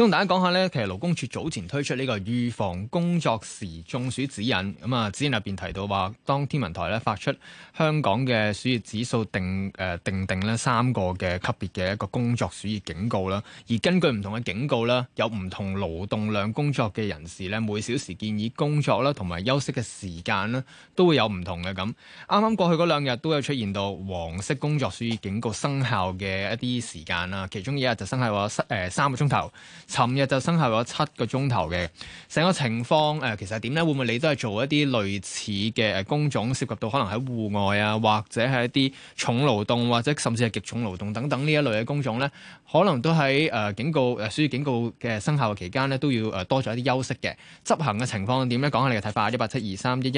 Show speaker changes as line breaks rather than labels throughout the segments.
同大家講下咧，其實勞工處早前推出呢個預防工作時中暑指引，咁啊，指引入邊提到話，當天文台咧發出香港嘅暑熱指數定誒、呃、定定咧三個嘅級別嘅一個工作暑熱警告啦，而根據唔同嘅警告啦，有唔同勞動量工作嘅人士咧，每小時建議工作啦同埋休息嘅時間啦，都會有唔同嘅咁。啱啱過去嗰兩日都有出現到黃色工作暑熱警告生效嘅一啲時間啦，其中一日就生效話誒三個鐘頭。尋日就生效咗七個鐘頭嘅，成個情況誒、呃、其實點咧？會唔會你都係做一啲類似嘅工種，涉及到可能喺戶外啊，或者係一啲重勞動，或者甚至係極重勞動等等呢一類嘅工種咧，可能都喺誒、呃、警告誒，所、呃、以警告嘅生效期間咧，都要誒多咗一啲休息嘅執行嘅情況點咧？講下你嘅睇法。一八七二三一一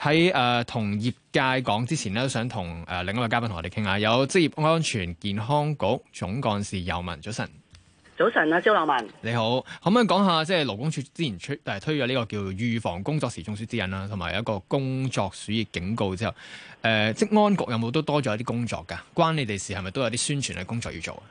喺誒同業界講之前呢，都想同誒、呃、另一位嘉賓同我哋傾下，有職業安全健康局總幹事游雯早晨。早晨啊，張樂文，你好，可唔可以講下即係勞工處之前出誒推咗呢個叫預防工作時中暑指引啦，同埋一個工作暑熱警告之後，誒、呃，職安局有冇都多咗一啲工作噶？關你哋事，係咪都有啲宣傳嘅工作要做？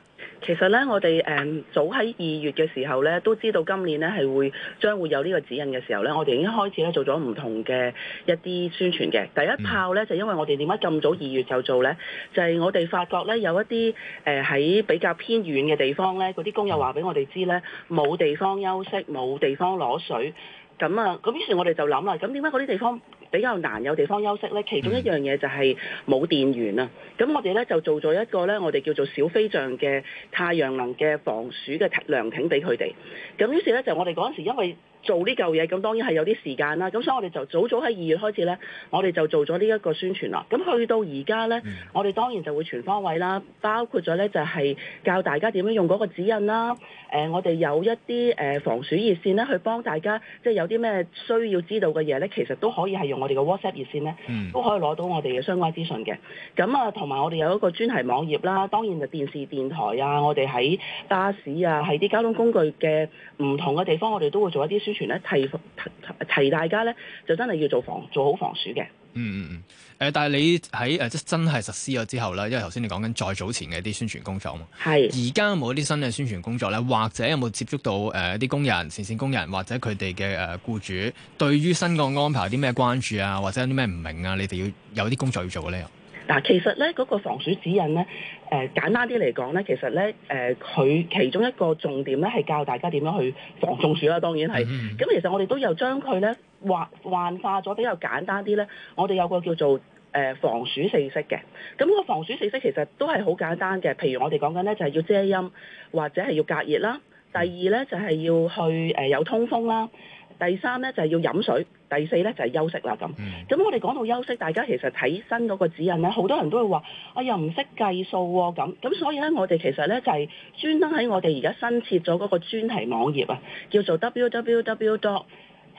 其實咧，我哋誒、嗯、早喺二月嘅時候咧，都知道今年咧係會將會有呢個指引嘅時候咧，我哋已經開始咧做咗唔同嘅一啲宣傳嘅第一炮咧，就係、因為我哋點解咁早二月就做咧，就係、係、我哋發覺咧有一啲誒喺比較偏遠嘅地方咧，嗰啲工友話俾我哋知咧，冇地方休息，冇地方攞水。咁啊，咁、嗯、於是我，我哋就諗啦，咁點解嗰啲地方比較難有地方休息呢？其中一樣嘢就係冇電源啊。咁、嗯、我哋呢，就做咗一個呢，我哋叫做小飛象嘅太陽能嘅防暑嘅涼亭俾佢哋。咁、嗯、於是呢，就我哋嗰陣時因為。做呢嚿嘢，咁當然係有啲時間啦。咁所以我哋就早早喺二月開始呢，我哋就做咗呢一個宣傳啦。咁去到而家呢，我哋當然就會全方位啦，包括咗呢就係、是、教大家點樣用嗰個指引啦。誒、呃，我哋有一啲誒、呃、防暑熱線呢，去幫大家即係有啲咩需要知道嘅嘢呢，其實都可以係用我哋嘅 WhatsApp 熱線呢，都可以攞到我哋嘅相關資訊嘅。咁啊，同埋我哋有一個專題網頁啦，當然就電視電台啊，我哋喺巴士啊，喺啲交通工具嘅唔同嘅地方，我哋都會做一啲宣。提提提大家咧，就真係要做防做好防暑嘅。
嗯嗯嗯。誒、呃，但係你喺誒即真係實施咗之後咧，因為頭先你講緊再早前嘅一啲宣傳工作啊嘛。係是。而家有冇一啲新嘅宣傳工作咧？或者有冇接觸到誒啲工人、線、呃、前線工人或者佢哋嘅誒僱主，對於新嘅安排有啲咩關注啊？或者有啲咩唔明啊？你哋要有啲工作要做咧？
嗱，其實咧嗰、那個防暑指引咧，誒、呃、簡單啲嚟講咧，其實咧誒佢其中一個重點咧係教大家點樣去防中暑啦、啊。當然係，咁、嗯嗯、其實我哋都有將佢咧幻幻化咗比較簡單啲咧。我哋有個叫做誒、呃、防暑四式嘅。咁、那個防暑四式其實都係好簡單嘅。譬如我哋講緊咧就係、是、要遮陰或者係要隔熱啦。第二咧就係、是、要去誒、呃、有通風啦。第三咧就係、是、要飲水。第四咧就係、是、休息啦咁，咁我哋講到休息，大家其實睇新嗰個指引咧，好多人都會話，啊又唔識計數喎咁，咁所以咧我哋其實咧就係、是、專登喺我哋而家新設咗嗰個專題網頁啊，叫做 www.do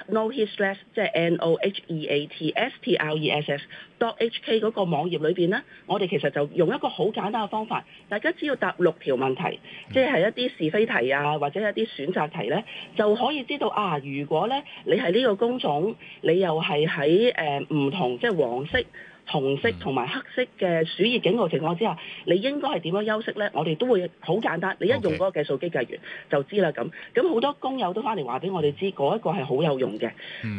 No heat stress 即係 N O H E A T S T R E S S .dot H K 嗰個網頁裏邊呢，我哋其實就用一個好簡單嘅方法，大家只要答六條問題，即係一啲是非題啊，或者一啲選擇題呢，就可以知道啊。如果呢，你係呢個工種，你又係喺誒唔同即係黃色、紅色同埋黑色嘅暑熱警告情況之下，你應該係點樣休息呢？我哋都會好簡單，你一用嗰個計數機計完就知啦。咁咁好多工友都翻嚟話畀我哋知，嗰一個係好有用嘅。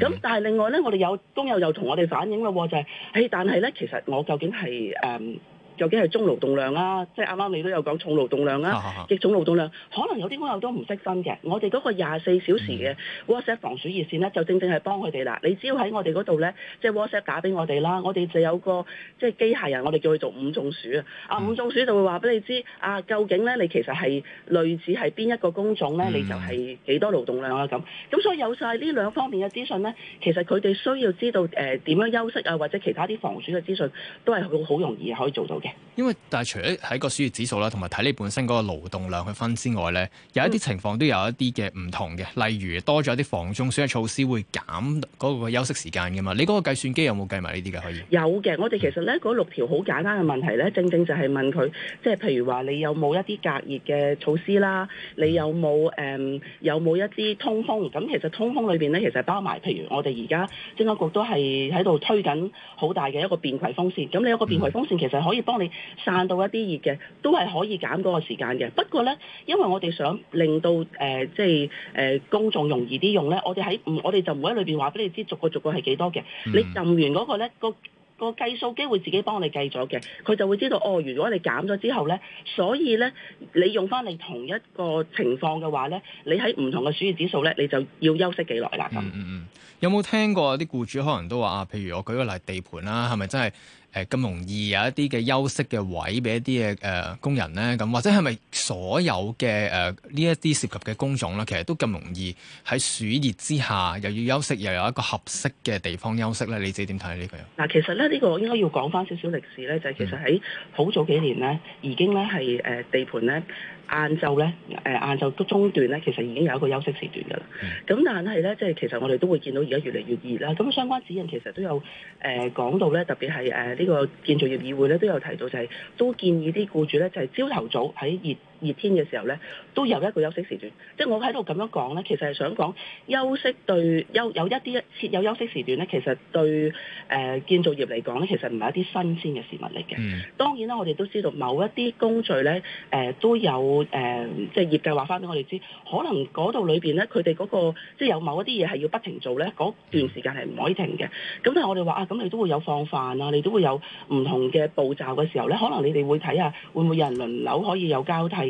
咁但係另外呢，我哋有工友又同我哋反映啦，就係、是、誒，但係呢，其實我究竟係誒？嗯究竟係中勞動量啊，即係啱啱你都有講重勞動量啊，啊極重勞動量，可能有啲工友都唔識分嘅。我哋嗰個廿四小時嘅 WhatsApp 防暑熱線咧，就正正係幫佢哋啦。你只要喺我哋嗰度咧，即係 WhatsApp 打俾我哋啦，我哋就有個即係機械人，我哋叫佢做五中暑。啊、嗯。啊，五中暑就會話俾你知啊，究竟咧你其實係類似係邊一個工種咧，你就係幾多勞動量啊咁。咁所以有晒呢兩方面嘅資訊咧，其實佢哋需要知道誒點、呃、樣休息啊，或者其他啲防暑嘅資訊，都係好好容易可以做到嘅。
因為但係，除咗睇個暑熱指數啦，同埋睇你本身嗰個勞動量去分之外咧，有一啲情況都有一啲嘅唔同嘅，嗯、例如多咗一啲防中暑嘅措施，會減嗰個休息時間㗎嘛。你嗰個計算機有冇計埋呢啲嘅？可以
有嘅，我哋其實咧嗰六條好簡單嘅問題咧，正正就係問佢，即係譬如話你有冇一啲隔熱嘅措施啦？你有冇誒有冇、呃、一啲通風？咁其實通風裏邊咧，其實包埋譬如我哋而家職安局都係喺度推緊好大嘅一個變頻風扇。咁你有個變頻風扇，其實可以。幫你散到一啲熱嘅，都係可以減嗰個時間嘅。不過呢，因為我哋想令到誒、呃，即係誒、呃、公眾容易啲用呢。我哋喺唔，我哋就唔喺裏邊話俾你知逐個逐個係幾多嘅。你撳完嗰個呢，個個計數機會自己幫你計咗嘅，佢就會知道哦。如果你減咗之後呢，所以呢，你用翻你同一個情況嘅話呢，你喺唔同嘅暑熱指數呢，你就要休息幾耐啦。咁、
嗯嗯嗯，有冇聽過啲僱主可能都話啊？譬如我舉個例地盤啦，係咪真係？誒，咁容易有一啲嘅休息嘅位俾一啲嘅誒工人咧，咁或者係咪所有嘅誒呢一啲涉及嘅工種咧？其實都咁容易喺暑熱之下又要休息，又有一個合適嘅地方休息咧？你自己點睇呢個？嗱，
其實咧呢個應該要講翻少少歷史咧，就係其實喺好早幾年咧，已經咧係誒地盤咧。晏晝咧，誒晏晝都中段咧，其實已經有一個休息時段㗎啦。咁、mm. 但係咧，即係其實我哋都會見到而家越嚟越熱啦。咁相關指引其實都有誒、呃、講到咧，特別係誒呢個建造業議會咧都有提到、就係，就係都建議啲僱主咧就係朝頭早喺熱熱天嘅時候咧，都有一個休息時段。即係我喺度咁樣講咧，其實係想講休息對休有，有一啲設有休息時段咧，其實對誒、呃、建造業嚟講咧，其實唔係一啲新鮮嘅事物嚟嘅。嗯。當然啦，我哋都知道某一啲工序咧，誒、呃、都有誒、呃，即係業界話返俾我哋知，可能嗰度裏邊咧，佢哋嗰個即係有某一啲嘢係要不停做咧，嗰段時間係唔可以停嘅。咁但係我哋話啊，咁你都會有放飯啊，你都會有唔同嘅步驟嘅時候咧，可能你哋會睇下會唔會有人輪流可以有交替。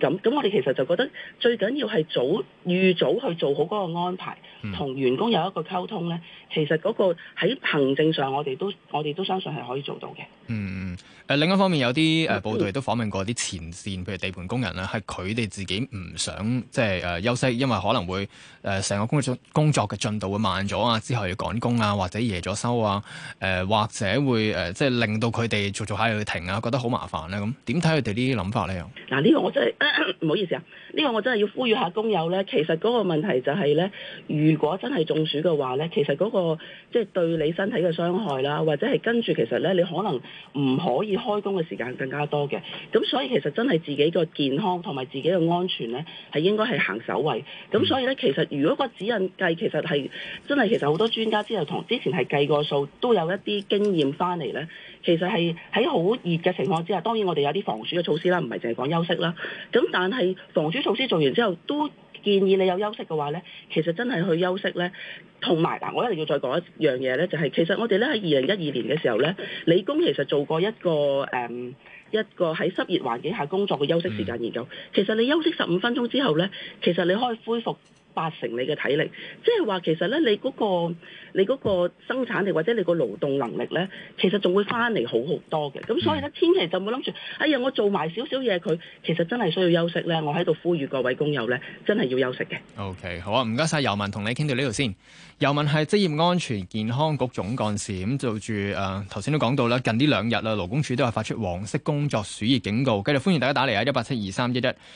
咁咁，我哋其實就覺得最緊要係早預早去做好嗰個安排，同員工有一個溝通咧。其實嗰個喺行政上我，我哋都我哋都相信係可以做到嘅。
嗯嗯誒、呃，另一方面有啲誒報道都訪問過啲前線，譬如地盤工人啦，係佢哋自己唔想即係誒、呃、休息，因為可能會誒成、呃、個工作工作嘅進度會慢咗啊，之後要趕工啊，或者夜咗收啊，誒、呃、或者會誒、呃、即係令到佢哋逐逐下又要停啊，覺得好麻煩咧。咁點睇佢哋呢啲諗法咧？
嗱呢、啊呢個我真係～唔 好意思啊，呢個我真係要呼籲下工友呢，其實嗰個問題就係呢，如果真係中暑嘅話呢，其實嗰個即係對你身體嘅傷害啦，或者係跟住其實呢，你可能唔可以開工嘅時間更加多嘅。咁所以其實真係自己個健康同埋自己嘅安全呢，係應該係行首位。咁所以呢，其實如果個指引計其實係真係其實好多專家之後同之前係計過數都有一啲經驗翻嚟呢。其實係喺好熱嘅情況之下，當然我哋有啲防暑嘅措施啦，唔係淨係講休息啦。咁但係防暑措施做完之後，都建議你有休息嘅話呢，其實真係去休息呢。同埋嗱，我一定要再講一樣嘢呢，就係、是、其實我哋呢喺二零一二年嘅時候呢，理工其實做過一個誒、嗯、一個喺濕熱環境下工作嘅休息時間研究。其實你休息十五分鐘之後呢，其實你可以恢復。八成你嘅體力，即係話其實咧、那個，你嗰個你嗰個生產力或者你個勞動能力咧，其實仲會翻嚟好好多嘅。咁、嗯、所以咧，千祈就冇諗住，哎呀，我做埋少少嘢佢，其實真係需要休息咧。我喺度呼籲各位工友咧，真
係要休息嘅。OK，好啊，唔該晒。游雯，同你傾到呢度先。游雯係職業安全健康局總幹事，咁就住誒頭先都講到啦，近呢兩日啦，勞工處都係發出黃色工作暑熱警告，繼續歡迎大家打嚟啊，一八七二三一一。